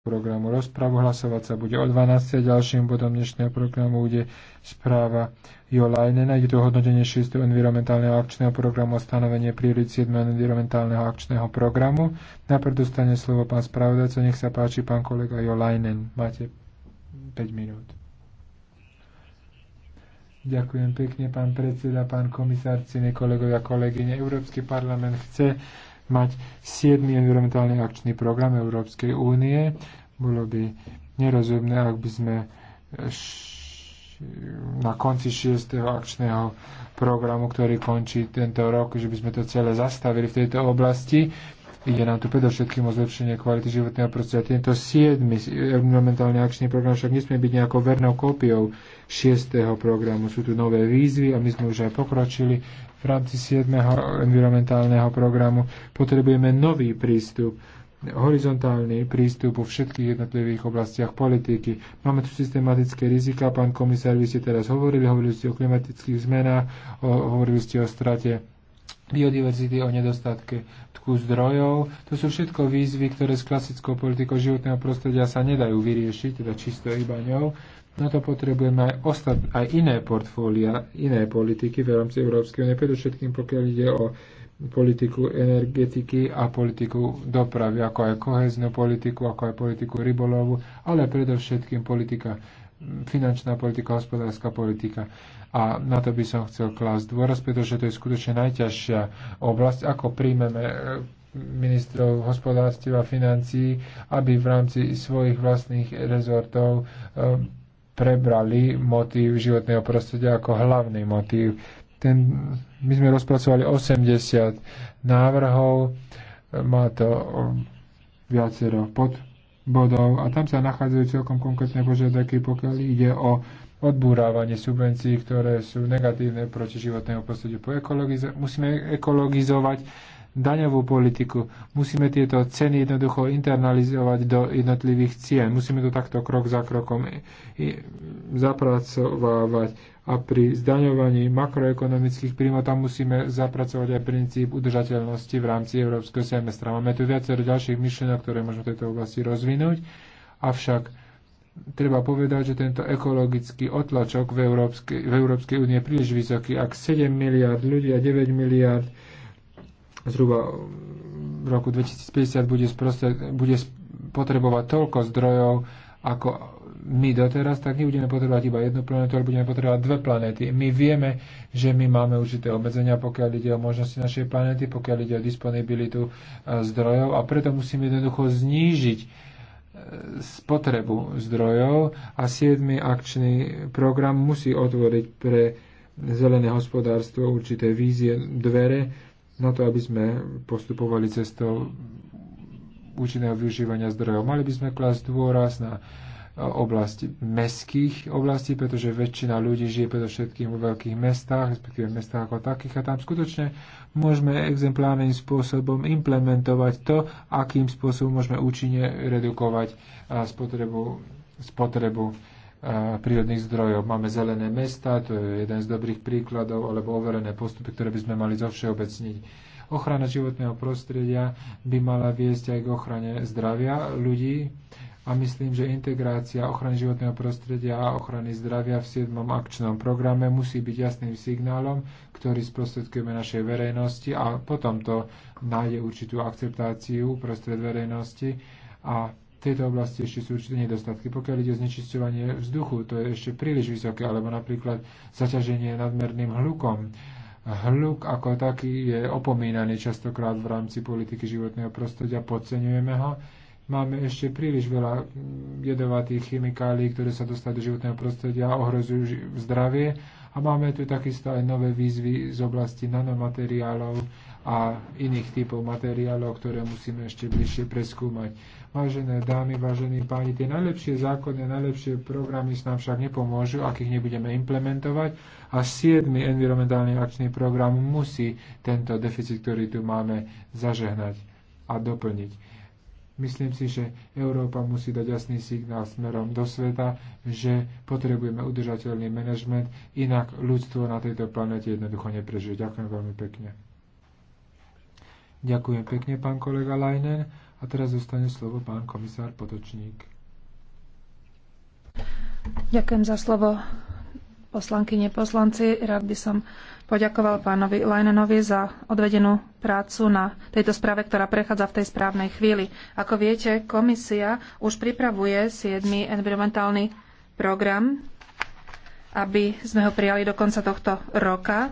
programu rozpravu. Hlasovať sa bude o 12. Ďalším bodom dnešného programu bude správa Jolajne. Nájde Je to hodnotenie 6. environmentálneho akčného programu a stanovenie priorit 7. environmentálneho akčného programu. Najprv dostane slovo pán spravodajca. Nech sa páči, pán kolega Jo Máte 5 minút. Ďakujem pekne, pán predseda, pán komisár, cine kolegovia, kolegyne. Európsky parlament chce mať 7. environmentálny akčný program Európskej únie. Bolo by nerozumné, ak by sme na konci 6. akčného programu, ktorý končí tento rok, že by sme to celé zastavili v tejto oblasti. Ide nám tu predovšetkým o zlepšenie kvality životného prostredia. Tento 7. environmentálny akčný program však nesmie byť nejakou vernou kópiou 6. programu. Sú tu nové výzvy a my sme už aj pokročili. V rámci 7. environmentálneho programu potrebujeme nový prístup horizontálny prístup vo všetkých jednotlivých oblastiach politiky. Máme tu systematické rizika, pán komisár, vy ste teraz hovorili, hovorili ste o klimatických zmenách, o, hovorili ste o strate biodiverzity, o nedostatke nedostatku zdrojov. To sú všetko výzvy, ktoré s klasickou politikou životného prostredia sa nedajú vyriešiť, teda čisto iba ňou. Na to potrebujeme aj, ostat, aj iné portfólia, iné politiky v rámci Európskej únie, predovšetkým pokiaľ ide o politiku energetiky a politiku dopravy, ako aj koheznú politiku, ako aj politiku rybolovu, ale predovšetkým politika finančná politika, hospodárska politika. A na to by som chcel klásť dôraz, pretože to je skutočne najťažšia oblasť, ako príjmeme e, ministrov hospodárstva a financií, aby v rámci svojich vlastných rezortov e, prebrali motív životného prostredia ako hlavný motív. Ten, my sme rozpracovali 80 návrhov, e, má to viacero pod bodov a tam sa nachádzajú celkom konkrétne požiadavky, pokiaľ ide o odbúrávanie subvencií, ktoré sú negatívne proti životnému prostrediu. Po musíme ekologizovať daňovú politiku. Musíme tieto ceny jednoducho internalizovať do jednotlivých cien. Musíme to takto krok za krokom zapracovávať. A pri zdaňovaní makroekonomických príjmov tam musíme zapracovať aj princíp udržateľnosti v rámci európskeho semestra. Máme tu viacero ďalších myšlienok, ktoré môžeme v tejto oblasti rozvinúť. Avšak treba povedať, že tento ekologický otlačok v Európskej, v Európskej únie je príliš vysoký. Ak 7 miliard ľudí a 9 miliard zhruba v roku 2050 bude, sproste, bude potrebovať toľko zdrojov, ako my doteraz, tak nebudeme potrebovať iba jednu planetu, ale budeme potrebovať dve planéty. My vieme, že my máme určité obmedzenia, pokiaľ ide o možnosti našej planéty, pokiaľ ide o disponibilitu e, zdrojov a preto musíme jednoducho znížiť e, spotrebu zdrojov a 7. akčný program musí otvoriť pre zelené hospodárstvo určité vízie, dvere, na to, aby sme postupovali cestou účinného využívania zdrojov. Mali by sme klásť dôraz na oblasti mestských oblastí, pretože väčšina ľudí žije predovšetkým vo veľkých mestách, respektíve mestách ako takých a tam skutočne môžeme exemplárnym spôsobom implementovať to, akým spôsobom môžeme účinne redukovať spotrebu, spotrebu prírodných zdrojov. Máme zelené mesta, to je jeden z dobrých príkladov, alebo overené postupy, ktoré by sme mali zo všeobecniť. Ochrana životného prostredia by mala viesť aj k ochrane zdravia ľudí a myslím, že integrácia ochrany životného prostredia a ochrany zdravia v 7. akčnom programe musí byť jasným signálom, ktorý sprostredkujeme našej verejnosti a potom to nájde určitú akceptáciu prostred verejnosti a tejto oblasti ešte sú určité nedostatky. Pokiaľ ide o znečisťovanie vzduchu, to je ešte príliš vysoké, alebo napríklad zaťaženie nadmerným hlukom. Hluk ako taký je opomínaný častokrát v rámci politiky životného prostredia, podceňujeme ho. Máme ešte príliš veľa jedovatých chemikálií, ktoré sa dostali do životného prostredia a ohrozujú zdravie a máme tu takisto aj nové výzvy z oblasti nanomateriálov a iných typov materiálov, ktoré musíme ešte bližšie preskúmať. Vážené dámy, vážení páni, tie najlepšie zákony, najlepšie programy nám však nepomôžu, ak ich nebudeme implementovať. A 7. environmentálny akčný program musí tento deficit, ktorý tu máme, zažehnať a doplniť. Myslím si, že Európa musí dať jasný signál smerom do sveta, že potrebujeme udržateľný manažment, inak ľudstvo na tejto planete jednoducho neprežije. Ďakujem veľmi pekne. Ďakujem pekne, pán kolega Leinen. A teraz zostane slovo pán komisár Potočník. Ďakujem za slovo, poslankyne, poslanci. Rád by som poďakoval pánovi Leinenovi za odvedenú prácu na tejto správe, ktorá prechádza v tej správnej chvíli. Ako viete, komisia už pripravuje 7. environmentálny program, aby sme ho prijali do konca tohto roka.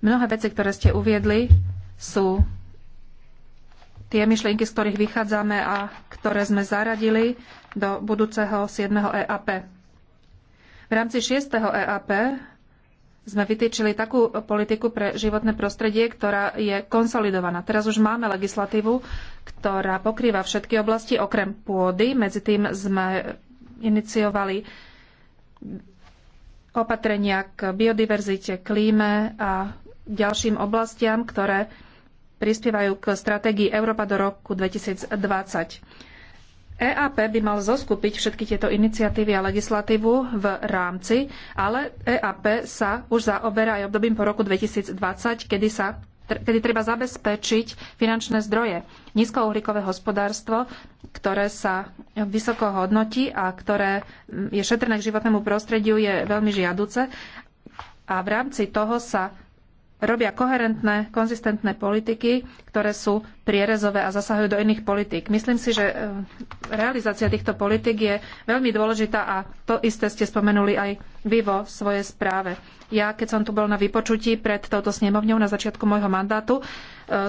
Mnohé veci, ktoré ste uviedli, sú tie myšlienky, z ktorých vychádzame a ktoré sme zaradili do budúceho 7. EAP. V rámci 6. EAP sme vytýčili takú politiku pre životné prostredie, ktorá je konsolidovaná. Teraz už máme legislatívu, ktorá pokrýva všetky oblasti okrem pôdy. Medzi tým sme iniciovali opatrenia k biodiverzite, klíme a ďalším oblastiam, ktoré prispievajú k stratégii Európa do roku 2020. EAP by mal zoskupiť všetky tieto iniciatívy a legislatívu v rámci, ale EAP sa už zaoberá aj obdobím po roku 2020, kedy sa kedy treba zabezpečiť finančné zdroje. Nízkouhlíkové hospodárstvo, ktoré sa vysoko hodnotí a ktoré je šetrné k životnému prostrediu, je veľmi žiaduce a v rámci toho sa robia koherentné, konzistentné politiky, ktoré sú prierezové a zasahujú do iných politík. Myslím si, že eh, realizácia týchto politik je veľmi dôležitá a to isté ste spomenuli aj vivo svoje svojej správe. Ja, keď som tu bol na vypočutí pred touto snemovňou na začiatku môjho mandátu, e,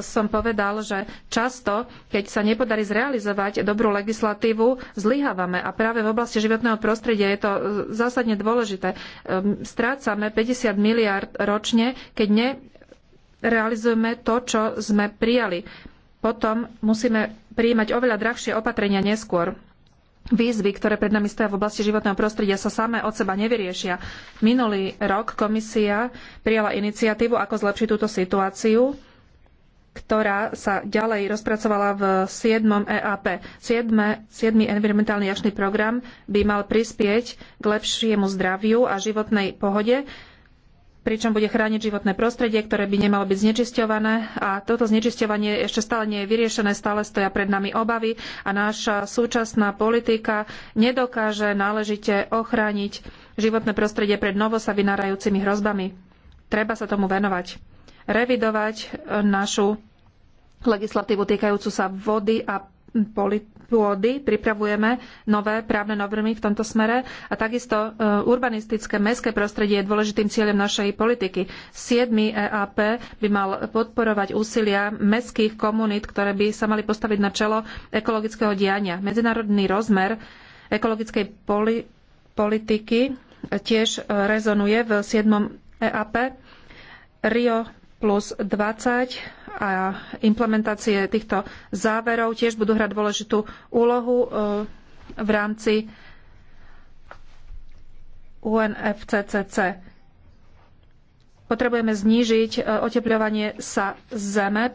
som povedal, že často, keď sa nepodarí zrealizovať dobrú legislatívu, zlyhávame. A práve v oblasti životného prostredia je to e, zásadne dôležité. E, strácame 50 miliard ročne, keď nerealizujeme to, čo sme prijali. Potom musíme prijímať oveľa drahšie opatrenia neskôr. Výzvy, ktoré pred nami stoja v oblasti životného prostredia, sa samé od seba nevyriešia. Minulý rok komisia prijala iniciatívu, ako zlepšiť túto situáciu, ktorá sa ďalej rozpracovala v 7. EAP. 7. 7. environmentálny akčný program by mal prispieť k lepšiemu zdraviu a životnej pohode pričom bude chrániť životné prostredie, ktoré by nemalo byť znečisťované. A toto znečisťovanie ešte stále nie je vyriešené, stále stoja pred nami obavy a náša súčasná politika nedokáže náležite ochrániť životné prostredie pred novo sa vynárajúcimi hrozbami. Treba sa tomu venovať. Revidovať našu legislatívu týkajúcu sa vody a pôdy, pripravujeme nové právne normy v tomto smere a takisto e, urbanistické mestské prostredie je dôležitým cieľom našej politiky. 7. EAP by mal podporovať úsilia mestských komunít, ktoré by sa mali postaviť na čelo ekologického diania. Medzinárodný rozmer ekologickej poli- politiky tiež e, rezonuje v 7. EAP. Rio plus 20 a implementácie týchto záverov tiež budú hrať dôležitú úlohu e, v rámci UNFCCC. Potrebujeme znížiť e, oteplovanie sa zeme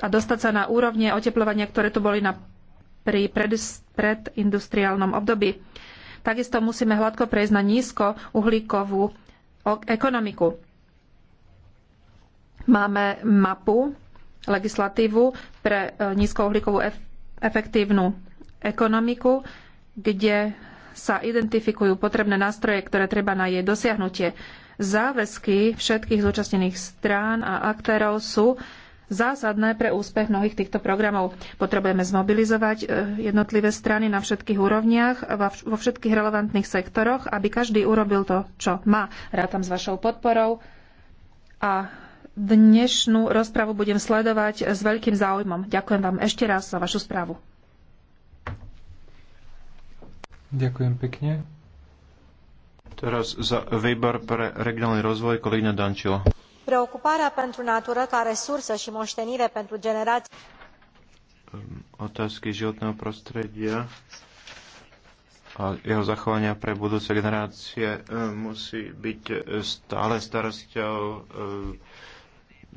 a dostať sa na úrovne oteplovania, ktoré tu boli na, pri predindustriálnom období. Takisto musíme hladko prejsť na nízko uhlíkovú ekonomiku. Máme mapu, legislatívu pre e, nízkouhlíkovú efektívnu ekonomiku, kde sa identifikujú potrebné nástroje, ktoré treba na jej dosiahnutie. Záväzky všetkých zúčastnených strán a aktérov sú zásadné pre úspech mnohých týchto programov. Potrebujeme zmobilizovať e, jednotlivé strany na všetkých úrovniach, vo všetkých relevantných sektoroch, aby každý urobil to, čo má. Rátam s vašou podporou a Dnešnú rozpravu budem sledovať s veľkým záujmom. Ďakujem vám ešte raz za vašu správu. Ďakujem pekne. Teraz za výbor pre regionálny rozvoj kolegyňa Dančilo. Preocuparea pentru natură ca resursă și moștenire pentru generații ehm, otázky životného prostredia a jeho zachovania pre budúce generácie ehm, musí byť eh, stále starosťou ehm,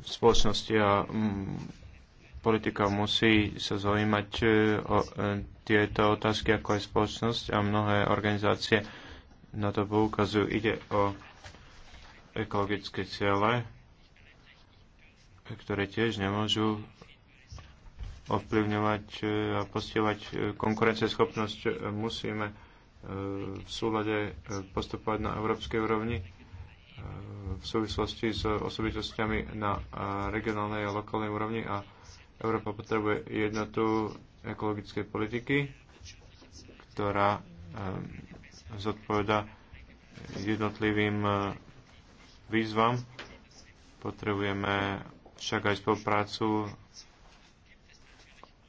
spoločnosti a mm, politika musí sa zaujímať e, o e, tieto otázky ako aj spoločnosť a mnohé organizácie na to poukazujú. Ide o ekologické ciele, ktoré tiež nemôžu ovplyvňovať e, a postihovať konkurencieschopnosť. Musíme v súlade postupovať na európskej úrovni v súvislosti s osobitosťami na regionálnej a lokálnej úrovni a Európa potrebuje jednotu ekologickej politiky, ktorá e, zodpoveda jednotlivým e, výzvam. Potrebujeme však aj spoluprácu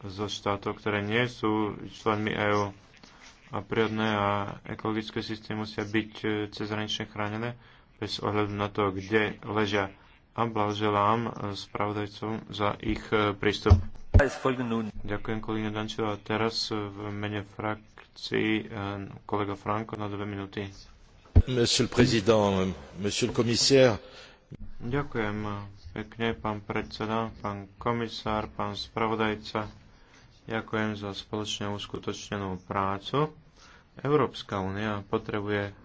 so štátov, ktoré nie sú členmi EÚ a prírodné a ekologické systémy musia byť e, cezhranične chránené bez ohľadu na to, kde ležia. A blahoželám spravodajcom za ich e, prístup. Ďakujem, kolegyňa Dančová. Teraz v mene frakcii e, kolega Franko na dve minúty. Monsieur le président, monsieur le commissaire. Ďakujem pekne, pán predseda, pán komisár, pán spravodajca. Ďakujem za spoločne uskutočnenú prácu. Európska únia potrebuje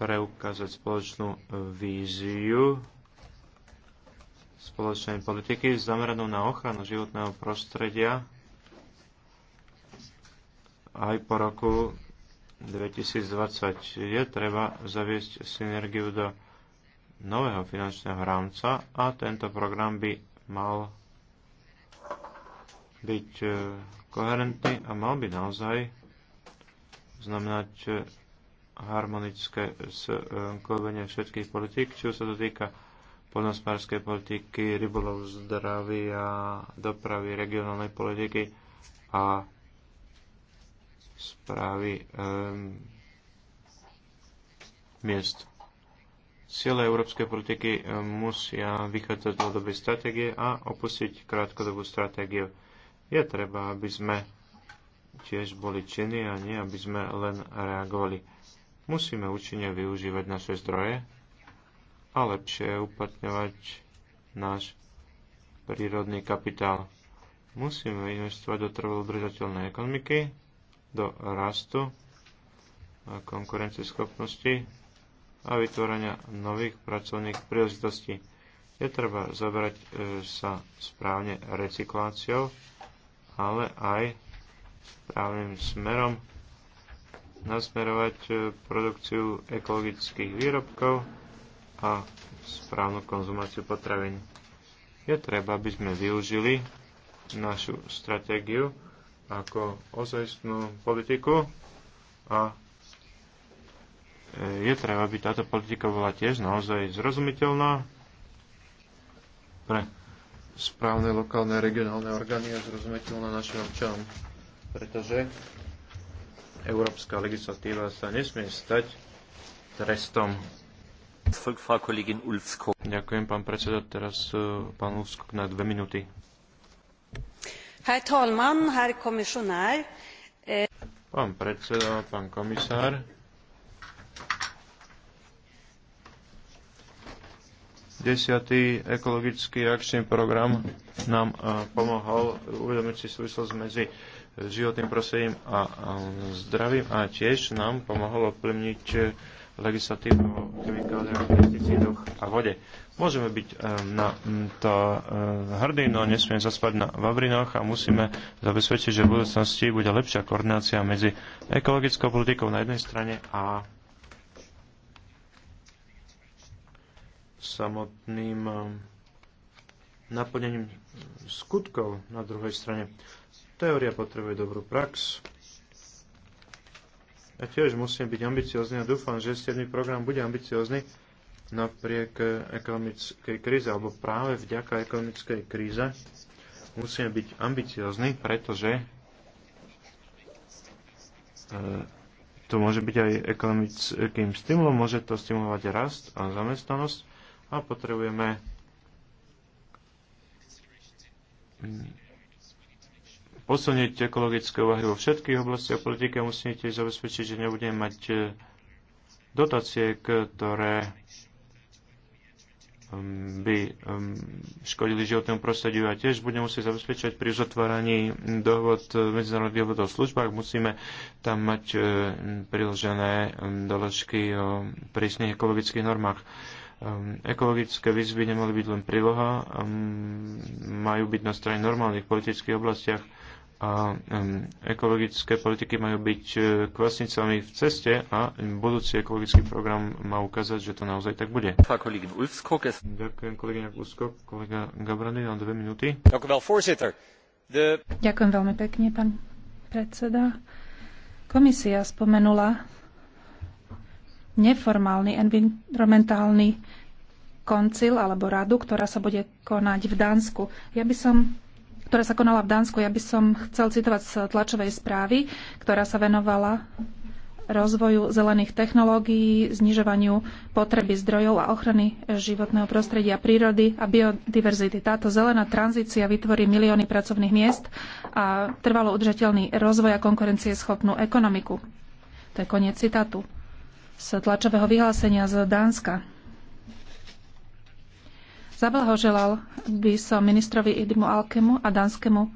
preukázať spoločnú víziu spoločnej politiky zameranú na ochranu životného prostredia aj po roku 2020 je treba zaviesť synergiu do nového finančného rámca a tento program by mal byť eh, koherentný a mal by naozaj znamenať eh, harmonické sklbenie všetkých politík, čo sa to týka poľnohospodárskej politiky, rybolov zdravia, dopravy, regionálnej politiky a správy um, miest. Ciele európskej politiky musia vychádzať z dlhodobej stratégie a opustiť krátkodobú stratégiu. Je treba, aby sme tiež boli činní a nie, aby sme len reagovali Musíme účinne využívať naše zdroje a lepšie uplatňovať náš prírodný kapitál. Musíme investovať do trvalo udržateľnej ekonomiky, do rastu a konkurencieschopnosti a vytvorenia nových pracovných príležitostí. Je treba zabrať e, sa správne recykláciou, ale aj správnym smerom nasmerovať e, produkciu ekologických výrobkov a správnu konzumáciu potravín. Je treba, aby sme využili našu stratégiu ako ozajstnú politiku a e, je treba, aby táto politika bola tiež naozaj zrozumiteľná pre správne lokálne a regionálne orgány a zrozumiteľná našim občanom. Pretože európska legislatíva sa nesmie stať trestom. Ďakujem, pán predseda. Teraz e, pán na dve minúty. E, pán predseda, pán komisár. Desiatý ekologický akčný program nám e, pomohol uvedomiť si súvislosť medzi životným prostredím a zdravím a tiež nám pomohlo ovplyvniť eh, legislatívu o chemikáliách, pesticídoch a vode. Môžeme byť eh, na mm, to eh, hrdí, no nesmieme zaspať na vavrinoch a musíme zabezpečiť, že v budúcnosti bude lepšia koordinácia medzi ekologickou politikou na jednej strane a samotným naplnením skutkov na druhej strane. Teória potrebuje dobrú prax. Ja tiež musím byť ambiciozný a dúfam, že stiedný program bude ambiciozný napriek ekonomickej kríze, alebo práve vďaka ekonomickej kríze musíme byť ambiciozný, pretože e, to môže byť aj ekonomickým stimulom, môže to stimulovať rast a zamestnanosť a potrebujeme mm, posilniť ekologické úvahy vo všetkých oblastiach politiky a musíme tiež zabezpečiť, že nebudeme mať e, dotácie, ktoré um, by um, škodili životnému prostrediu a tiež budeme musieť zabezpečovať pri uzatváraní dohod e, medzinárodných dohodov v službách. Musíme tam mať e, priložené um, doložky o prísnych ekologických normách. Ekologické výzvy nemali byť len príloha, majú byť na strane normálnych politických oblastiach a ekologické politiky majú byť e, kvasnicami v ceste a budúci ekologický program má ukázať, že to naozaj tak bude. Ďakujem kolegyňa Ulfskog, kolega Gabrany na dve minúty. Ďakujem veľmi pekne, pán predseda. Komisia spomenula neformálny environmentálny koncil alebo radu, ktorá sa bude konať v Dánsku. Ja by som ktorá sa konala v Dánsku. Ja by som chcel citovať z tlačovej správy, ktorá sa venovala rozvoju zelených technológií, znižovaniu potreby zdrojov a ochrany životného prostredia, prírody a biodiverzity. Táto zelená tranzícia vytvorí milióny pracovných miest a trvalo udržateľný rozvoj a konkurencieschopnú ekonomiku. To je koniec citátu z tlačového vyhlásenia z Dánska. Zablahoželal by som ministrovi Idimu Alkemu a danskému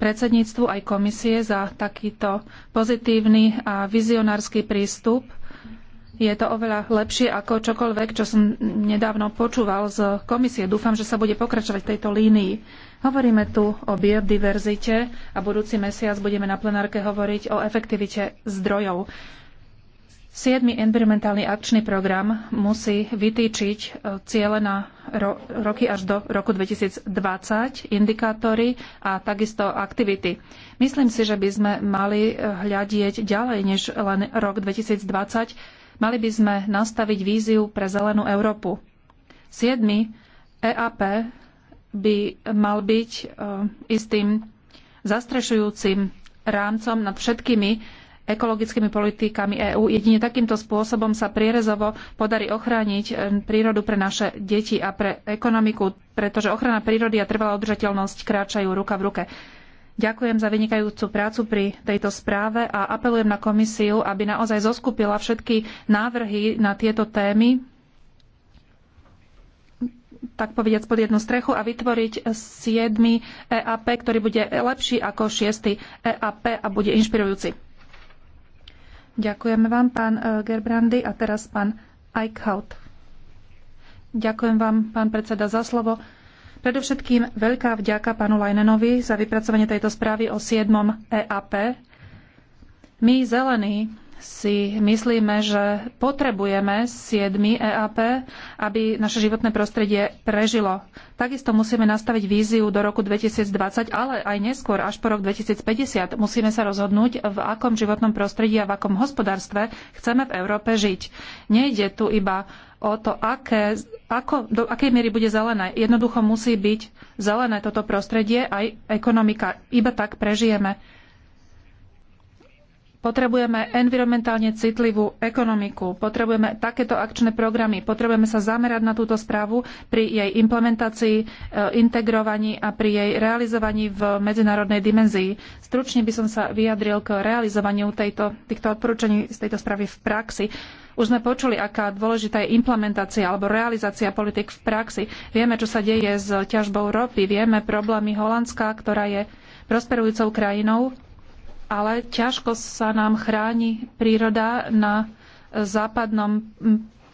predsedníctvu aj komisie za takýto pozitívny a vizionársky prístup. Je to oveľa lepšie ako čokoľvek, čo som nedávno počúval z komisie. Dúfam, že sa bude pokračovať v tejto línii. Hovoríme tu o biodiverzite a budúci mesiac budeme na plenárke hovoriť o efektivite zdrojov. Siedmy environmentálny akčný program musí vytýčiť e, ciele na ro- roky až do roku 2020, indikátory a takisto aktivity. Myslím si, že by sme mali e, hľadieť ďalej než len rok 2020. Mali by sme nastaviť víziu pre zelenú Európu. Siedmy EAP by mal byť e, istým zastrešujúcim rámcom nad všetkými ekologickými politikami EÚ. Jedine takýmto spôsobom sa prierezovo podarí ochrániť eh, prírodu pre naše deti a pre ekonomiku, pretože ochrana prírody a trvalá udržateľnosť kráčajú ruka v ruke. Ďakujem za vynikajúcu prácu pri tejto správe a apelujem na komisiu, aby naozaj zoskupila všetky návrhy na tieto témy, tak povediať pod jednu strechu a vytvoriť 7. EAP, ktorý bude lepší ako 6. EAP a bude inšpirujúci. Ďakujeme vám, pán e, Gerbrandy, a teraz pán Eichhout. Ďakujem vám, pán predseda, za slovo. Predovšetkým veľká vďaka pánu Lajnenovi za vypracovanie tejto správy o 7. EAP. My, zelení, si myslíme, že potrebujeme 7. EAP, aby naše životné prostredie prežilo. Takisto musíme nastaviť víziu do roku 2020, ale aj neskôr, až po rok 2050. Musíme sa rozhodnúť, v akom životnom prostredí a v akom hospodárstve chceme v Európe žiť. Nejde tu iba o to, aké, ako, do akej miery bude zelené. Jednoducho musí byť zelené toto prostredie aj ekonomika. Iba tak prežijeme Potrebujeme environmentálne citlivú ekonomiku, potrebujeme takéto akčné programy, potrebujeme sa zamerať na túto správu pri jej implementácii, e, integrovaní a pri jej realizovaní v medzinárodnej dimenzii. Stručne by som sa vyjadril k realizovaniu tejto, týchto odporúčaní z tejto správy v praxi. Už sme počuli, aká dôležitá je implementácia alebo realizácia politik v praxi. Vieme, čo sa deje s ťažbou ropy, vieme problémy Holandska, ktorá je prosperujúcou krajinou ale ťažko sa nám chráni príroda na západnom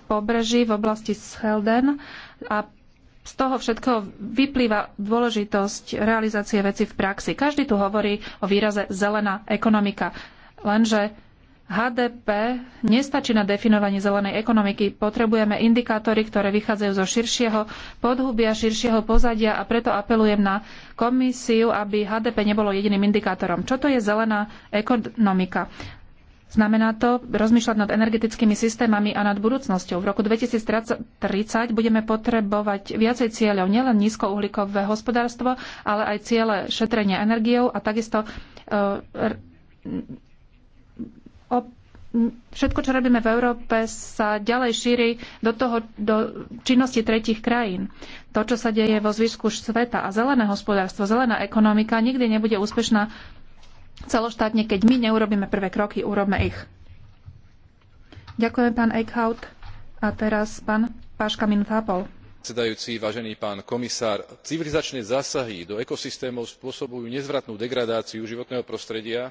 pobreží v oblasti Schelden a z toho všetkého vyplýva dôležitosť realizácie veci v praxi. Každý tu hovorí o výraze zelená ekonomika, lenže HDP nestačí na definovanie zelenej ekonomiky. Potrebujeme indikátory, ktoré vychádzajú zo širšieho podhubia, širšieho pozadia a preto apelujem na komisiu, aby HDP nebolo jediným indikátorom. Čo to je zelená ekonomika? Znamená to rozmýšľať nad energetickými systémami a nad budúcnosťou. V roku 2030 budeme potrebovať viacej cieľov, nielen nízkouhlíkové hospodárstvo, ale aj ciele šetrenia energiou a takisto e, všetko, čo robíme v Európe, sa ďalej šíri do, toho, do činnosti tretich krajín. To, čo sa deje vo zvyšku sveta a zelené hospodárstvo, zelená ekonomika nikdy nebude úspešná celoštátne, keď my neurobíme prvé kroky, urobme ich. Ďakujem, pán Eichhout. A teraz pán Páška, minúta pol. Predsedajúci, vážený pán komisár, civilizačné zásahy do ekosystémov spôsobujú nezvratnú degradáciu životného prostredia,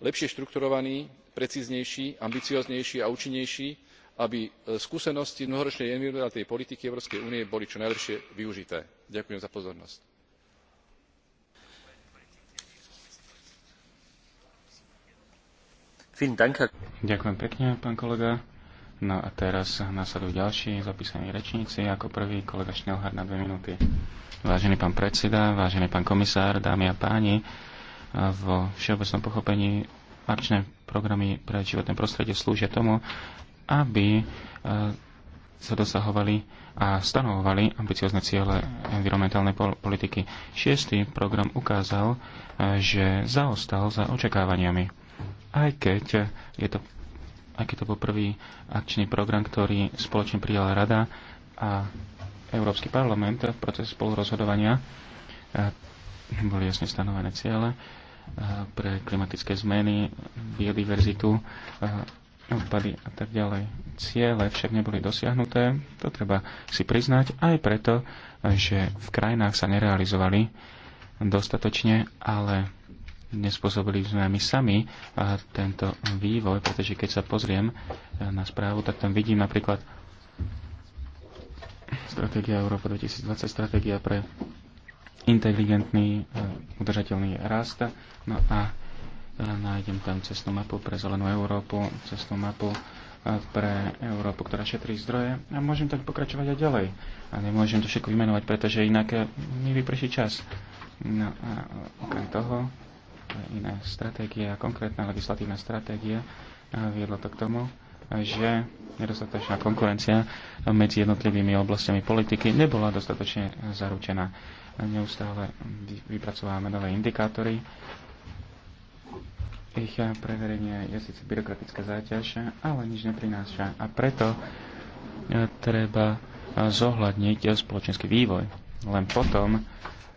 lepšie štrukturovaný precíznejší ambicióznejší a účinnejší aby e, skúsenosti mnohoročnej environmentálnej politiky európskej únie boli čo najlepšie využité. ďakujem za pozornosť. Ďakujem pekne, pán kolega. No a teraz nasledujú ďalší zapísaní rečníci. Ako prvý kolega na dve Vážený pán predseda, vážený pán komisár, dámy a páni, vo všeobecnom pochopení akčné programy pre životné prostredie slúžia tomu, aby e, sa dosahovali a stanovovali ambiciozne ciele environmentálnej politiky. Šiestý program ukázal, e, že zaostal za očakávaniami. Aj keď, je to, aj keď to bol prvý akčný program, ktorý spoločne prijala Rada a Európsky parlament v procese spolurozhodovania, e, boli jasne stanovené ciele eh, pre klimatické zmeny, biodiverzitu, eh, odpady a tak ďalej. Ciele však neboli dosiahnuté, to treba si priznať, aj preto, že v krajinách sa nerealizovali dostatočne, ale nespôsobili sme my sami eh, tento vývoj, pretože keď sa pozriem na správu, tak tam vidím napríklad stratégia Európa 2020, stratégia pre inteligentný, e, udržateľný rast. No a e, nájdem tam cestnú mapu pre zelenú Európu, cestnú mapu e, pre Európu, ktorá šetrí zdroje a môžem tak pokračovať aj ďalej. A nemôžem to všetko vymenovať, pretože inak mi vyprší čas. No a okrem toho, iná stratégia, konkrétna legislatívna stratégia viedla to k tomu, že nedostatočná konkurencia medzi jednotlivými oblastiami politiky nebola dostatočne zaručená neustále vypracovávame nové indikátory. Ich preverenie je síce byrokratická záťaž, ale nič neprináša a preto e, treba e, zohľadniť spoločenský vývoj. Len potom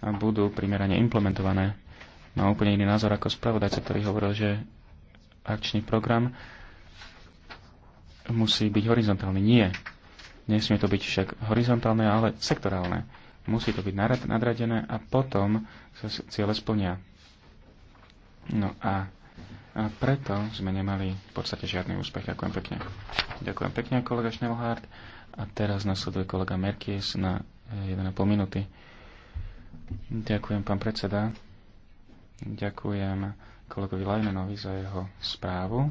budú primerane implementované. Má úplne iný názor ako spravodajca, ktorý hovoril, že akčný program musí byť horizontálny. Nie. Nesmie to byť však horizontálne, ale sektorálne musí to byť nadradené a potom sa ciele splnia. No a, a preto sme nemali v podstate žiadny úspech. Ďakujem pekne. Ďakujem pekne, kolega Schnellhardt. A teraz nasleduje kolega Merkies na 1,5 eh, minúty. Ďakujem, pán predseda. Ďakujem kolegovi Lajmenovi za jeho správu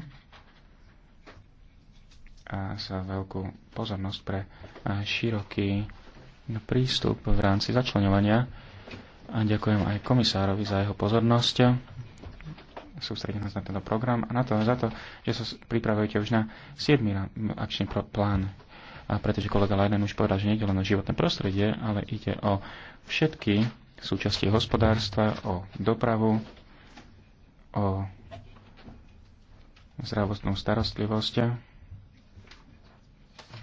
a za veľkú pozornosť pre eh, široký prístup v rámci začlenovania a ďakujem aj komisárovi za jeho pozornosť. Sústredím nás na tento program a na to, za to, že sa pripravujete už na 7. akčný plán. A pretože kolega Lajden už povedal, že nejde len o životné prostredie, ale ide o všetky súčasti hospodárstva, o dopravu, o zdravotnú starostlivosť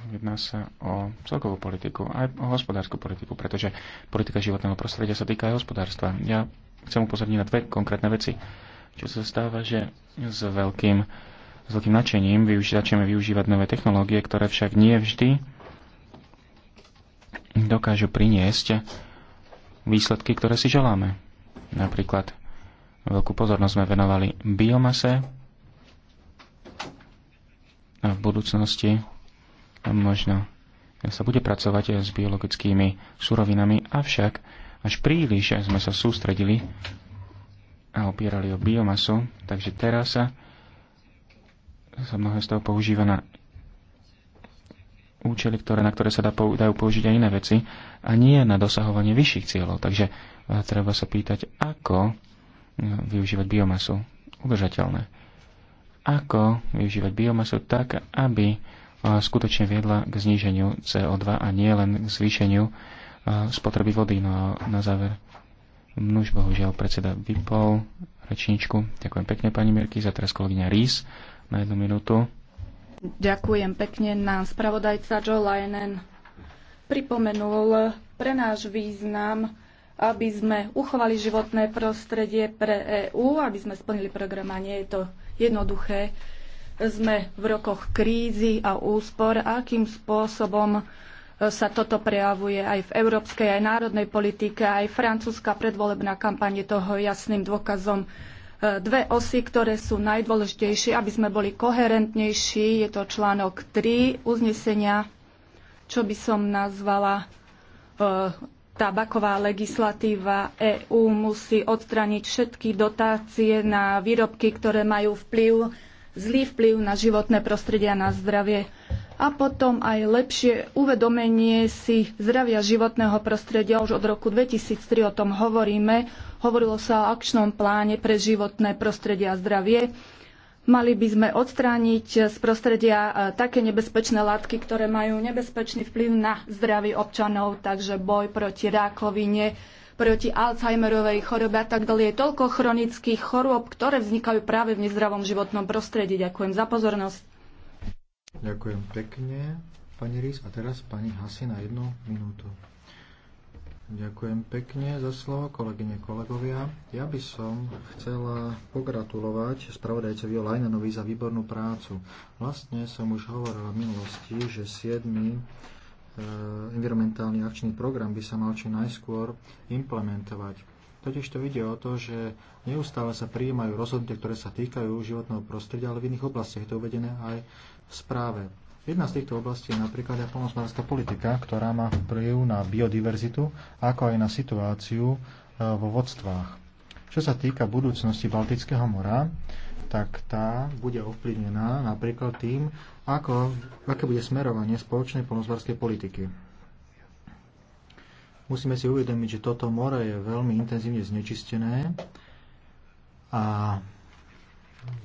jedná sa o celkovú politiku, aj o hospodárskú politiku, pretože politika životného prostredia sa týka aj hospodárstva. Ja chcem upozorniť na dve konkrétne veci. Čo sa stáva, že s veľkým, s veľkým nadšením začneme využívať nové technológie, ktoré však nie vždy dokážu priniesť výsledky, ktoré si želáme. Napríklad veľkú pozornosť sme venovali biomase a v budúcnosti možno sa bude pracovať s biologickými surovinami, avšak až príliš sme sa sústredili a opierali o biomasu, takže teraz sa, sa mnohé z toho používa na účely, ktoré, na ktoré sa dá, dajú použiť aj iné veci a nie na dosahovanie vyšších cieľov. Takže e, treba sa pýtať, ako e, využívať biomasu udržateľné. Ako využívať biomasu tak, aby skutočne viedla k zníženiu CO2 a nie len k zvýšeniu spotreby vody. No a na záver, mnuž bohužiaľ predseda vypol rečničku. Ďakujem pekne pani Mirky, za teraz kolegyňa Rís na jednu minútu. Ďakujem pekne nám spravodajca Joe Linen pripomenul pre náš význam, aby sme uchovali životné prostredie pre EÚ, aby sme splnili program a nie je to jednoduché sme v rokoch krízy a úspor, akým spôsobom e, sa toto prejavuje aj v európskej, aj národnej politike, aj francúzska predvolebná kampaň je toho jasným dôkazom. E, dve osy, ktoré sú najdôležitejšie, aby sme boli koherentnejší, je to článok 3 uznesenia, čo by som nazvala e, tabaková legislatíva EÚ musí odstraniť všetky dotácie na výrobky, ktoré majú vplyv zlý vplyv na životné prostredie a na zdravie a potom aj lepšie uvedomenie si zdravia životného prostredia. Už od roku 2003 o tom hovoríme. Hovorilo sa o akčnom pláne pre životné prostredie a zdravie. Mali by sme odstrániť z prostredia e, také nebezpečné látky, ktoré majú nebezpečný vplyv na zdravie občanov, takže boj proti rákovine, proti Alzheimerovej chorobe a tak ďalej. Je toľko chronických chorôb, ktoré vznikajú práve v nezdravom životnom prostredí. Ďakujem za pozornosť. Ďakujem pekne, pani Rís. A teraz pani Hasi na jednu minútu. Ďakujem pekne za slovo, kolegyne, kolegovia. Ja by som chcela pogratulovať spravodajcovi Lajnanovi za výbornú prácu. Vlastne som už hovorila v minulosti, že 7 E, environmentálny akčný program by sa mal čo najskôr implementovať. Totiž to ide o to, že neustále sa prijímajú rozhodnutia, ktoré sa týkajú životného prostredia, ale v iných oblastiach je to uvedené aj v správe. Jedna z týchto oblastí je napríklad aj polnospodárska politika, ktorá má vplyv na biodiverzitu, ako aj na situáciu e, vo vodstvách. Čo sa týka budúcnosti Baltického mora, tak tá bude ovplyvnená napríklad tým, ako, aké bude smerovanie spoločnej polnospodárskej politiky. Musíme si uvedomiť, že toto more je veľmi intenzívne znečistené a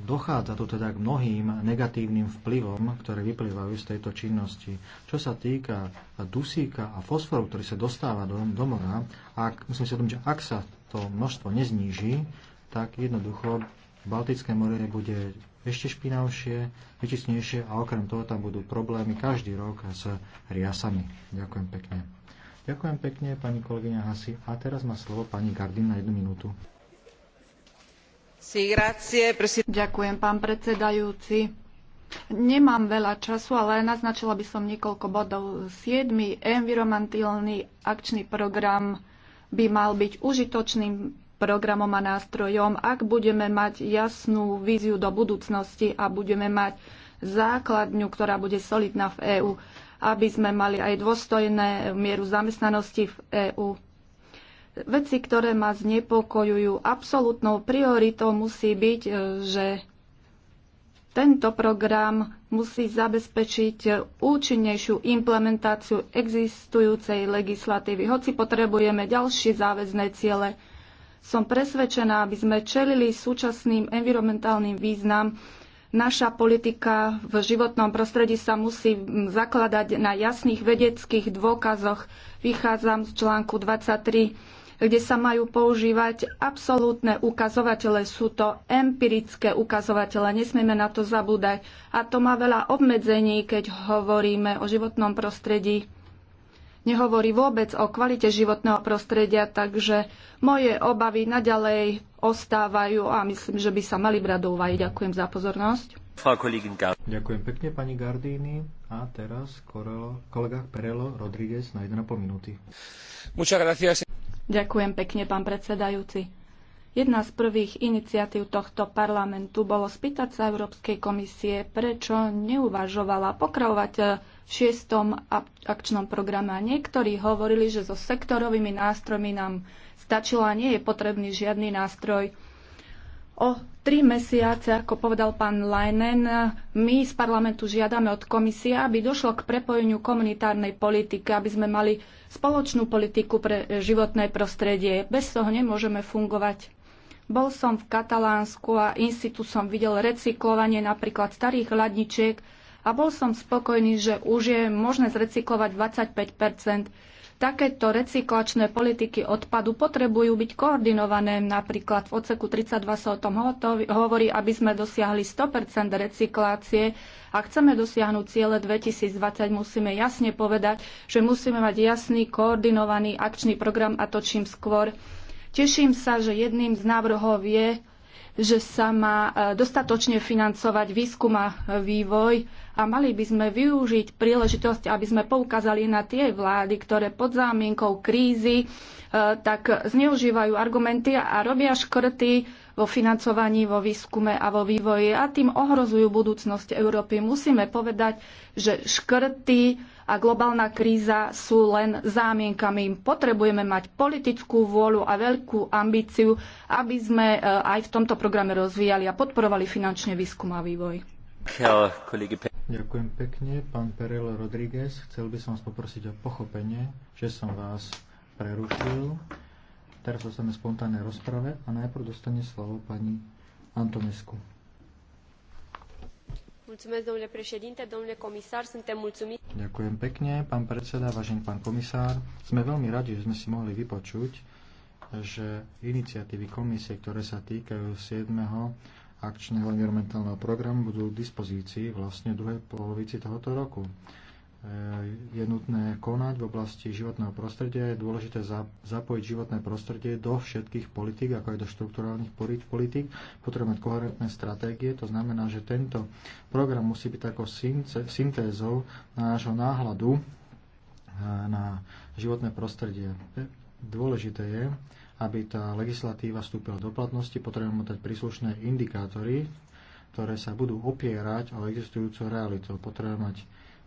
Dochádza tu teda k mnohým negatívnym vplyvom, ktoré vyplývajú z tejto činnosti. Čo sa týka dusíka a fosforu, ktorý sa dostáva do, do mora, ak, myslím si uvedomiť, že ak sa to množstvo nezníži, tak jednoducho Baltické more bude ešte špinavšie, nečistnejšie a okrem toho tam budú problémy každý rok s riasami. Ďakujem pekne. Ďakujem pekne, pani kolegyňa Hasi. A teraz má slovo pani Gardin na jednu minútu. Ďakujem, pán predsedajúci. Nemám veľa času, ale naznačila by som niekoľko bodov. Siedmy environmentálny akčný program by mal byť užitočným programom a nástrojom, ak budeme mať jasnú víziu do budúcnosti a budeme mať základňu, ktorá bude solidná v EÚ, aby sme mali aj dôstojné mieru zamestnanosti v EÚ. Veci, ktoré ma znepokojujú, absolútnou prioritou musí byť, e, že tento program musí zabezpečiť účinnejšiu implementáciu existujúcej legislatívy, hoci potrebujeme ďalšie záväzné ciele som presvedčená, aby sme čelili súčasným environmentálnym význam. Naša politika v životnom prostredí sa musí zakladať na jasných vedeckých dôkazoch. Vychádzam z článku 23 kde sa majú používať absolútne ukazovatele. Sú to empirické ukazovatele, nesmieme na to zabúdať. A to má veľa obmedzení, keď hovoríme o životnom prostredí nehovorí vôbec o kvalite životného prostredia, takže moje obavy naďalej ostávajú a myslím, že by sa mali brať do úvahy. Ďakujem za pozornosť. Ďakujem pekne pani Gardini a teraz korelo, kolega Perelo Rodríguez na 1,5 minúty. Ďakujem pekne, pán predsedajúci. Jedna z prvých iniciatív tohto parlamentu bolo spýtať sa Európskej komisie, prečo neuvažovala pokravovať v šiestom akčnom programe. A niektorí hovorili, že so sektorovými nástrojmi nám stačilo a nie je potrebný žiadny nástroj. O tri mesiace, ako povedal pán Leinen, my z parlamentu žiadame od komisie, aby došlo k prepojeniu komunitárnej politiky, aby sme mali spoločnú politiku pre životné prostredie. Bez toho nemôžeme fungovať. Bol som v Katalánsku a institú som videl recyklovanie napríklad starých hladničiek a bol som spokojný, že už je možné zrecyklovať 25 Takéto recyklačné politiky odpadu potrebujú byť koordinované. Napríklad v oceku 32 sa o tom hovorí, aby sme dosiahli 100 recyklácie. A chceme dosiahnuť ciele 2020, musíme jasne povedať, že musíme mať jasný koordinovaný akčný program a to čím skôr. Teším sa, že jedným z návrhov je, že sa má e, dostatočne financovať výskum a vývoj a mali by sme využiť príležitosť, aby sme poukázali na tie vlády, ktoré pod zámienkou krízy e, tak zneužívajú argumenty a robia škrty vo financovaní, vo výskume a vo vývoji a tým ohrozujú budúcnosť Európy. Musíme povedať, že škrty a globálna kríza sú len zámienkami. Potrebujeme mať politickú vôľu a veľkú ambíciu, aby sme e, aj v tomto programe rozvíjali a podporovali finančne výskum a vývoj. Ďakujem pekne. Pán Perel Rodríguez, chcel by som vás poprosiť o pochopenie, že som vás prerušil. Teraz ostane spontánnej rozprave a najprv dostane slovo pani Antonesku. Mulțumesc, domnule președinte, domnule comisar, suntem mulțumiți. Ďakujem pekne, pán predseda, vážený pán komisár. Sme veľmi radi, že sme si mohli vypočuť, že iniciatívy komisie, ktoré sa týkajú 7 akčného environmentálneho programu budú k dispozícii vlastne v druhej polovici tohoto roku je nutné konať v oblasti životného prostredia, je dôležité zapojiť životné prostredie do všetkých politik, ako aj do štrukturálnych politik. Potrebujeme koherentné stratégie, to znamená, že tento program musí byť takou syntézou nášho náhľadu eh, na životné prostredie. Dôležité je, aby tá legislatíva vstúpila do platnosti, potrebujeme dať príslušné indikátory, ktoré sa budú opierať o existujúcu realitu. Potrebujeme mať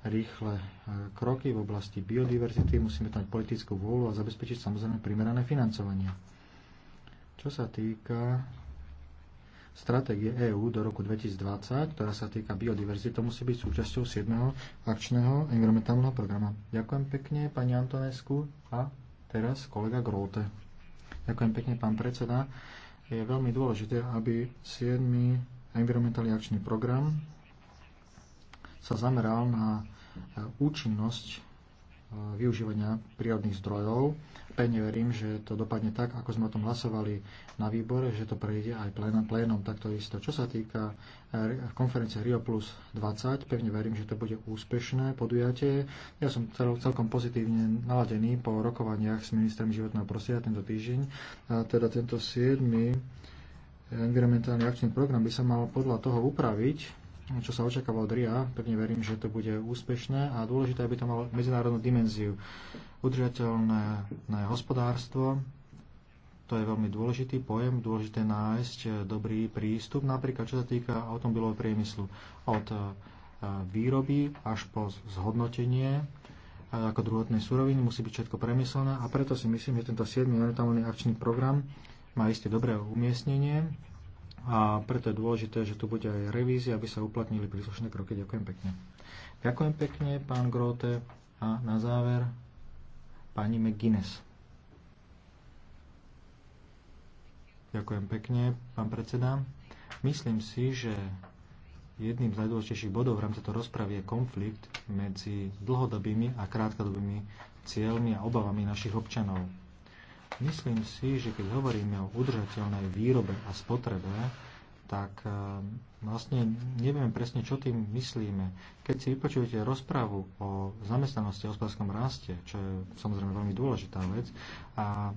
rýchle e, kroky v oblasti biodiverzity, musíme tam mať politickú vôľu a zabezpečiť samozrejme primerané financovanie. Čo sa týka stratégie EÚ do roku 2020, ktorá sa týka biodiverzity, to musí byť súčasťou 7. akčného environmentálneho programu. Ďakujem pekne pani Antonesku a teraz kolega Grote. Ďakujem pekne pán predseda. Je veľmi dôležité, aby 7. environmentálny akčný program sa zameral na e, účinnosť e, využívania prírodných zdrojov. Pevne verím, že to dopadne tak, ako sme o tom hlasovali na výbore, že to prejde aj plénom, plénom takto isto. Čo sa týka e, konferencie Rio Plus 20, pevne verím, že to bude úspešné podujatie. Ja som celkom pozitívne naladený po rokovaniach s ministrem životného prostredia tento týždeň. A teda tento 7. environmentálny akčný program by sa mal podľa toho upraviť, čo sa očakáva od RIA. Pevne verím, že to bude úspešné a dôležité, aby to malo medzinárodnú dimenziu. Udržateľné hospodárstvo, to je veľmi dôležitý pojem, dôležité nájsť dobrý prístup, napríklad čo sa týka automobilového priemyslu. Od e, výroby až po zhodnotenie e, ako druhotnej suroviny musí byť všetko premyslené a preto si myslím, že tento 7. orientálny akčný program má isté dobré umiestnenie a preto je dôležité, že tu bude aj revízia, aby sa uplatnili príslušné kroky. Ďakujem pekne. Ďakujem pekne, pán Grote. A na záver pani McGuinness. Ďakujem pekne, pán predseda. Myslím si, že jedným z najdôležitejších bodov v rámci tejto rozpravy je konflikt medzi dlhodobými a krátkodobými cieľmi a obavami našich občanov. Myslím si, že keď hovoríme o udržateľnej výrobe a spotrebe, tak eh, vlastne neviem presne, čo tým myslíme. Keď si vypočujete rozprávu o zamestnanosti a hospodárskom raste, čo je samozrejme veľmi dôležitá vec, a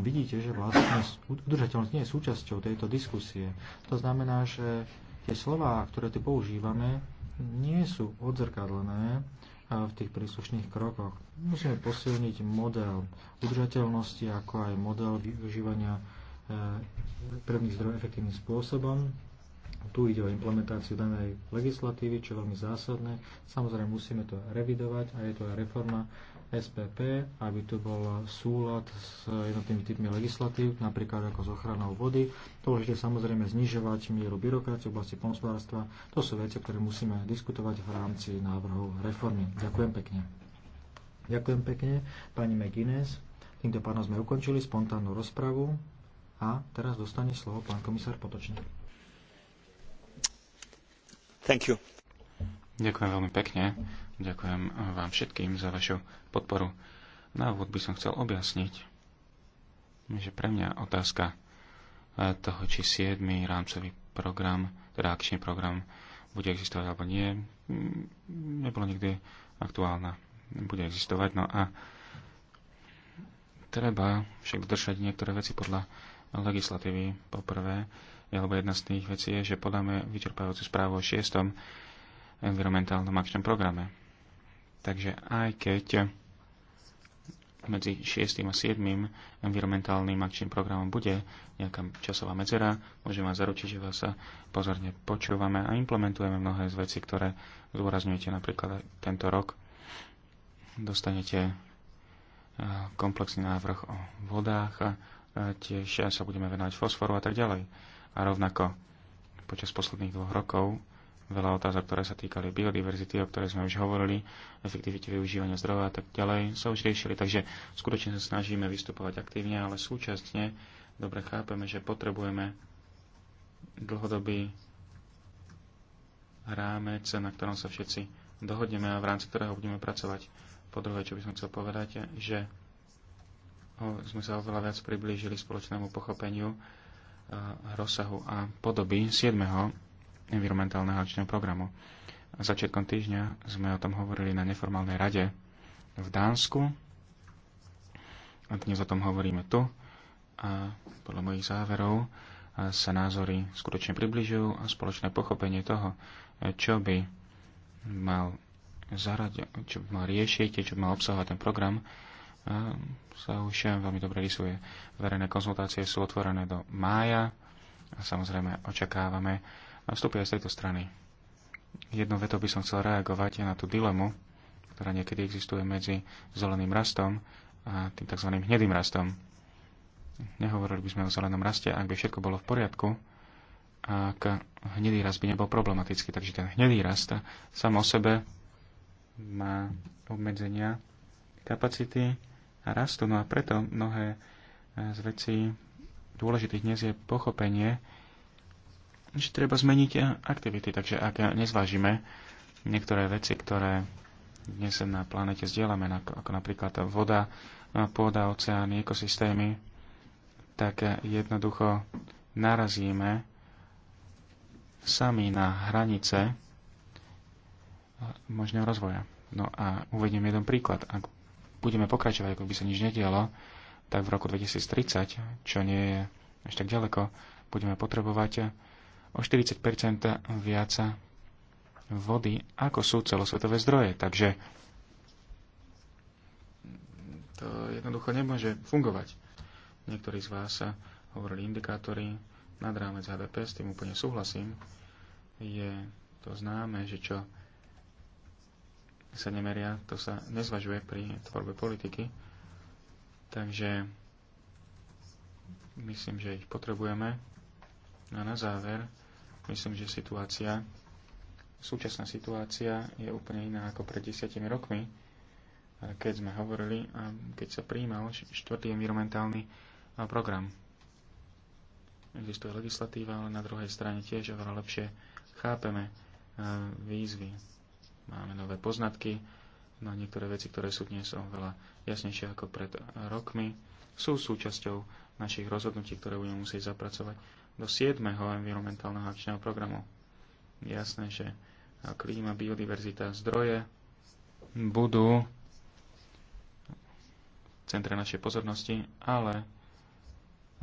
vidíte, že vlastne udržateľnosť nie je súčasťou tejto diskusie. To znamená, že tie slová, ktoré tu používame, nie sú odzrkadlené v tých príslušných krokoch. Musíme posilniť model udržateľnosti, ako aj model využívania eh, prvných zdrojov efektívnym spôsobom. Tu ide o implementáciu danej legislatívy, čo je veľmi zásadné. Samozrejme musíme to revidovať a je to aj reforma SPP, aby tu bol súlad s jednotnými typmi legislatív, napríklad ako s ochranou vody. Dôležité samozrejme znižovať mieru byrokracie v oblasti pomospodárstva. To sú veci, ktoré musíme diskutovať v rámci návrhov reformy. Ďakujem pekne. Ďakujem pekne, pani McGuinness. Týmto pánom sme ukončili spontánnu rozpravu a teraz dostane slovo pán komisár Potočný. Thank you. Ďakujem veľmi pekne. Ďakujem vám všetkým za vašu podporu. Na úvod by som chcel objasniť, že pre mňa otázka eh, toho, či 7. rámcový program, teda akčný program, bude existovať alebo nie, mm, nebola nikdy aktuálna. Bude existovať, no a treba však držať niektoré veci podľa legislatívy. Poprvé, alebo jedna z tých vecí je, že podáme vyčerpávajúcu správu o 6. environmentálnom akčnom programe. Takže aj keď medzi 6. a 7. environmentálnym akčným programom bude nejaká časová medzera, môžem vám zaručiť, že vás pozorne počúvame a implementujeme mnohé z vecí, ktoré zdôrazňujete napríklad tento rok. Dostanete eh, komplexný návrh o vodách a eh, tiež sa budeme venovať fosforu a tak ďalej. A rovnako počas posledných dvoch rokov veľa otázok, ktoré sa týkali biodiverzity, o ktorej sme už hovorili, efektivite využívania zdrojov a tak ďalej, sa už riešili. Takže skutočne sa snažíme vystupovať aktívne, ale súčasne dobre chápeme, že potrebujeme dlhodobý rámec, na ktorom sa všetci dohodneme a v rámci ktorého budeme pracovať. Po druhé, čo by som chcel povedať, že sme sa oveľa viac priblížili spoločnému pochopeniu rozsahu a podoby 7 environmentálneho akčného programu. Začiatkom týždňa sme o tom hovorili na neformálnej rade v Dánsku. A dnes o tom hovoríme tu. A podľa mojich záverov sa názory skutočne približujú a spoločné pochopenie toho, čo by mal zaradi- čo by mal riešiť, čo by mal obsahovať ten program, sa už veľmi dobre rysuje. Verejné konzultácie sú otvorené do mája a samozrejme očakávame vstúpia z tejto strany. Jednou vetou by som chcel reagovať na tú dilemu, ktorá niekedy existuje medzi zeleným rastom a tým tzv. hnedým rastom. Nehovorili by sme o zelenom raste, ak by všetko bolo v poriadku, ak hnedý rast by nebol problematický. Takže ten hnedý rast sám o sebe má obmedzenia kapacity a rastu. No a preto mnohé z vecí dôležitých dnes je pochopenie, že treba zmeniť aktivity. Takže ak nezvážime niektoré veci, ktoré dnes na planete zdieľame, ako napríklad voda, pôda, oceány, ekosystémy, tak jednoducho narazíme sami na hranice možného rozvoja. No a uvediem jeden príklad. Ak budeme pokračovať, ako by sa nič nedialo, tak v roku 2030, čo nie je až tak ďaleko, budeme potrebovať o 40 viac vody, ako sú celosvetové zdroje. Takže to jednoducho nemôže fungovať. Niektorí z vás sa hovorili indikátory nad rámec HDP, s tým úplne súhlasím. Je to známe, že čo sa nemeria, to sa nezvažuje pri tvorbe politiky. Takže myslím, že ich potrebujeme. A na záver Myslím, že situácia, súčasná situácia je úplne iná ako pred desiatimi rokmi, keď sme hovorili a keď sa prijímal štvrtý environmentálny program. Existuje legislatíva, ale na druhej strane tiež oveľa lepšie chápeme výzvy. Máme nové poznatky, no niektoré veci, ktoré sú dnes oveľa jasnejšie ako pred rokmi, sú súčasťou našich rozhodnutí, ktoré budeme musieť zapracovať do 7. environmentálneho akčného programu. Jasné, že klíma, biodiverzita, zdroje budú v centre našej pozornosti, ale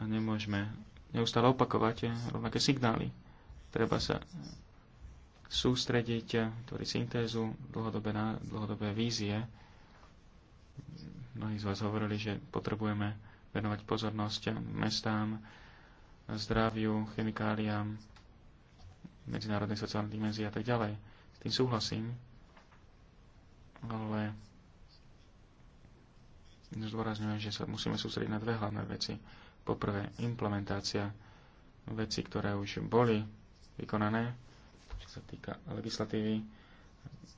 nemôžeme neustále opakovať rovnaké signály. Treba sa sústrediť, tvoriť syntézu, dlhodobé, dlhodobé vízie. Mnohí z vás hovorili, že potrebujeme venovať pozornosť mestám, zdraviu, chemikáliám, medzinárodnej sociálnej dimenzii a tak ďalej. S tým súhlasím, ale zdôrazňujem, že sa musíme sústrediť na dve hlavné veci. Poprvé, implementácia veci, ktoré už boli vykonané, čo sa týka legislatívy,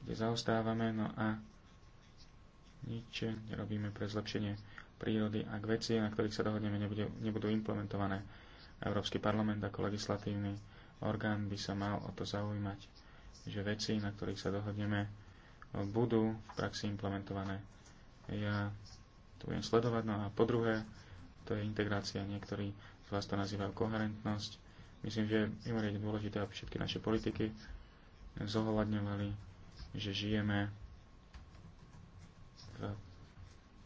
kde zaostávame, no a nič nerobíme pre zlepšenie prírody, ak veci, na ktorých sa dohodneme, nebudú implementované. Európsky parlament ako legislatívny orgán by sa mal o to zaujímať, že veci, na ktorých sa dohodneme, budú v praxi implementované. Ja to budem sledovať. No a po druhé, to je integrácia. Niektorí z vás to nazývajú koherentnosť. Myslím, že je mimoriadne dôležité, aby všetky naše politiky zohľadňovali, že žijeme v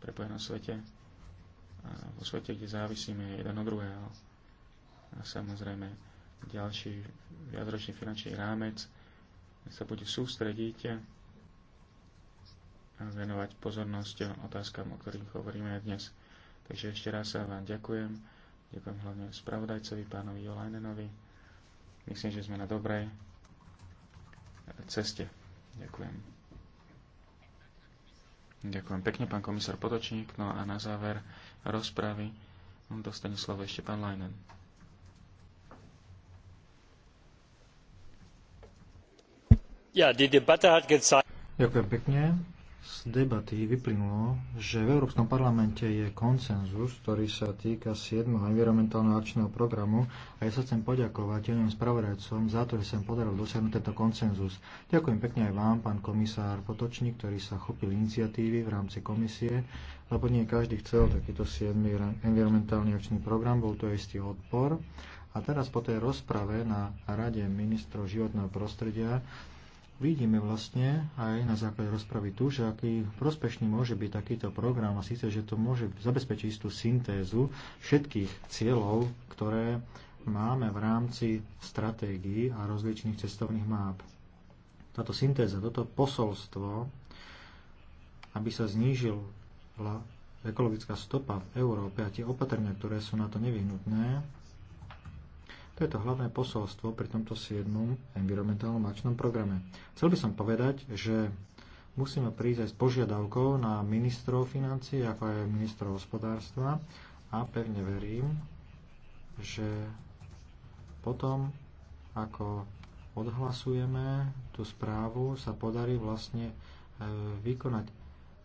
prepojenom svete, vo svete, kde závisíme jeden od druhého a samozrejme ďalší viacročný finančný rámec sa bude sústrediť a venovať pozornosť otázkam, o ktorých hovoríme dnes. Takže ešte raz sa vám ďakujem. Ďakujem hlavne spravodajcovi, pánovi Jolajnenovi. Myslím, že sme na dobrej ceste. Ďakujem. Ďakujem pekne, pán komisár Potočník. No a na záver rozpravy dostane slovo ešte pán Lajnen. Ďakujem pekne. Z debaty vyplynulo, že v Európskom parlamente je konsenzus, ktorý sa týka 7. environmentálneho akčného programu a ja sa chcem poďakovať jedným spravodajcom za to, že som podaril dosiahnuť tento konsenzus. Ďakujem pekne aj vám, pán komisár Potočník, ktorý sa chopil iniciatívy v rámci komisie, lebo nie každý chcel takýto 7. environmentálny akčný program, bol to istý odpor. A teraz po tej rozprave na Rade ministrov životného prostredia vidíme vlastne aj na základe rozpravy tu, že aký prospešný môže byť takýto program a síce, že to môže zabezpečiť istú syntézu všetkých cieľov, ktoré máme v rámci stratégií a rozličných cestovných máp. Táto syntéza, toto posolstvo, aby sa znížila ekologická stopa v Európe a tie opatrenia, ktoré sú na to nevyhnutné, to je to hlavné posolstvo pri tomto 7. environmentálnom akčnom programe. Chcel by som povedať, že musíme prísť aj s požiadavkou na ministrov financí, ako aj ministrov hospodárstva a pevne verím, že potom, ako odhlasujeme tú správu, sa podarí vlastne e, vykonať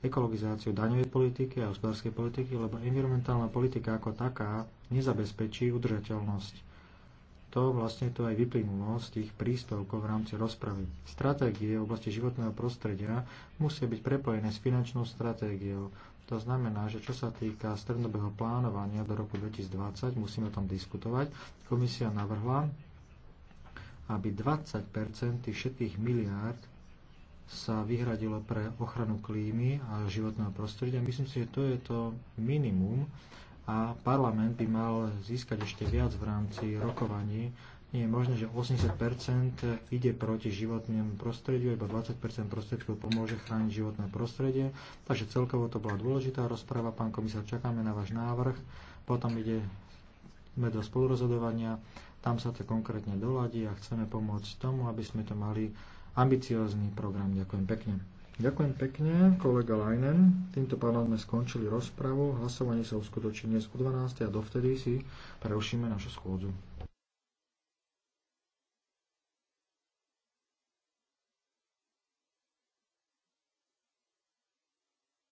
ekologizáciu daňovej politiky a hospodárskej politiky, lebo environmentálna politika ako taká nezabezpečí udržateľnosť. To vlastne to aj vyplynulo z tých príspevkov v rámci rozpravy. Stratégie v oblasti životného prostredia musia byť prepojené s finančnou stratégiou. To znamená, že čo sa týka strednobého plánovania do roku 2020, musíme o tom diskutovať. Komisia navrhla, aby 20 tých všetkých miliárd sa vyhradilo pre ochranu klímy a životného prostredia. Myslím si, že to je to minimum, a parlament by mal získať ešte viac v rámci rokovaní. Nie je možné, že 80 ide proti životnému prostrediu, iba 20 prostriedkov pomôže chrániť životné prostredie. Takže celkovo to bola dôležitá rozpráva. Pán komisár, čakáme na váš návrh. Potom ide do spolurozhodovania. Tam sa to konkrétne doladí a chceme pomôcť tomu, aby sme to mali ambiciózny program. Ďakujem pekne. Ďakujem pekne, kolega Lajnen. Týmto pádom sme skončili rozpravu. Hlasovanie sa uskutoční dnes o 12. a dovtedy si prerušíme našu schôdzu.